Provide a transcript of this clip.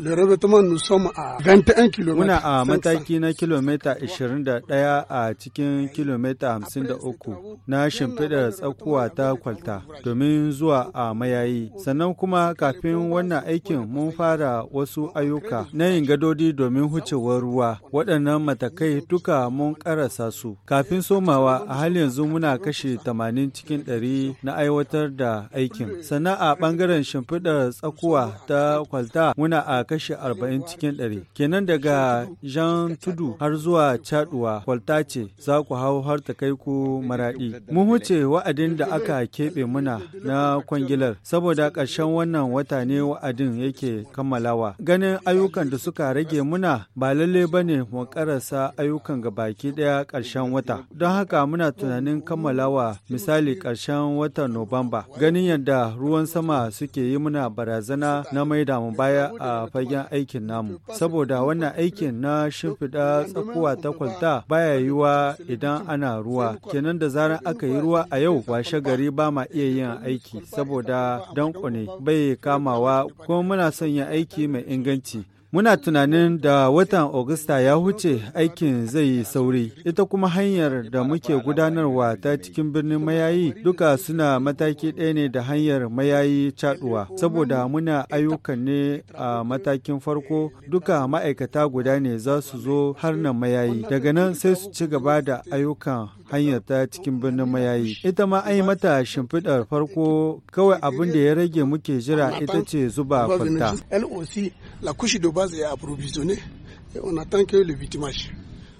Le revêtement nous sommes à 21 km. Muna a mataki na kilomita 21 a cikin kilomita 53 na shimfiɗar tsakuwa ta kwalta domin zuwa a mayayi. Sannan kuma kafin wannan aikin mun fara wasu ayyuka na yin gadodi domin hucewar ruwa. Waɗannan matakai duka mun ƙarasa su. Kafin somawa a hal yanzu muna kashe 80 cikin 100 na aiwatar da aikin. Sannan a ɓangaren shimfiɗar tsakuwa ta kwalta muna a kashi 40 cikin 100 kenan daga jean tudu har zuwa caduwa kwalta ce za ku hau har ta kai ku maradi mu huce wa'adin da aka keɓe muna na kwangilar saboda ƙarshen wannan wata ne wa'adin yake kammalawa ganin ayyukan da suka rage muna ba lalle ba ne mu karasa ayyukan ga baki ɗaya ƙarshen wata don haka muna tunanin kammalawa misali ƙarshen watan nobamba ganin yadda ruwan sama suke yi muna barazana na maida mu baya a fagen aikin namu saboda wannan aikin na shimfiɗa tsakuwa ta kwalta baya yiwuwa idan ana ruwa kenan da zarar aka yi ruwa a yau washe gari ba ma iya yin aiki saboda danko ne bai kamawa kuma muna son yin aiki mai inganci Muna tunanin da watan Agusta ya huce aikin zai yi sauri, ita kuma hanyar da muke gudanarwa ta cikin birnin mayayi duka suna mataki ɗaya ne da hanyar mayayi caɗuwa, saboda muna ayyukan ne a matakin farko duka ma'aikata guda ne za su zo har nan mayayi, daga nan sai su ci gaba da ayyukan hanyar ta cikin birnin mayayi. Ita ma an yi mata shimfiɗar farko kawai abin da ya rage muke jira ita ce zuba kwalta. base est approvisionnée et on attend que le bitumage.